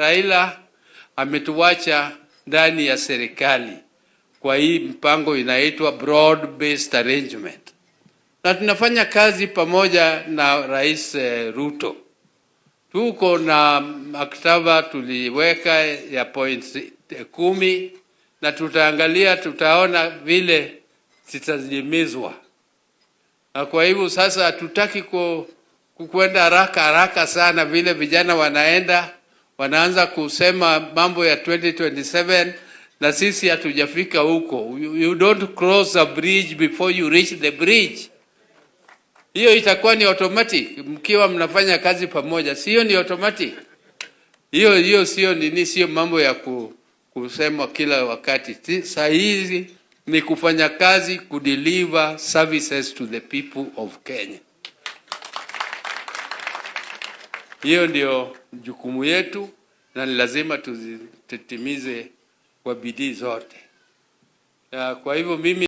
Raila ametuacha ndani ya serikali kwa hii mpango inaitwa broad based arrangement, na tunafanya kazi pamoja na Rais eh, Ruto. Tuko na maktaba tuliweka ya point kumi na tutaangalia, tutaona vile zitajimizwa, na kwa hivyo sasa hatutaki ku kukwenda haraka haraka sana, vile vijana wanaenda wanaanza kusema mambo ya 2027 na sisi hatujafika huko. You, you don't cross a bridge before you reach the bridge. Hiyo itakuwa ni automatic mkiwa mnafanya kazi pamoja, sio ni automatic hiyo hiyo, sio nini, sio mambo ya ku, kusema kila wakati. Saa hizi ni kufanya kazi, kudeliver services to the people of Kenya. Hiyo ndio jukumu yetu na ni lazima tuzitimize kwa bidii zote, kwa hivyo mimi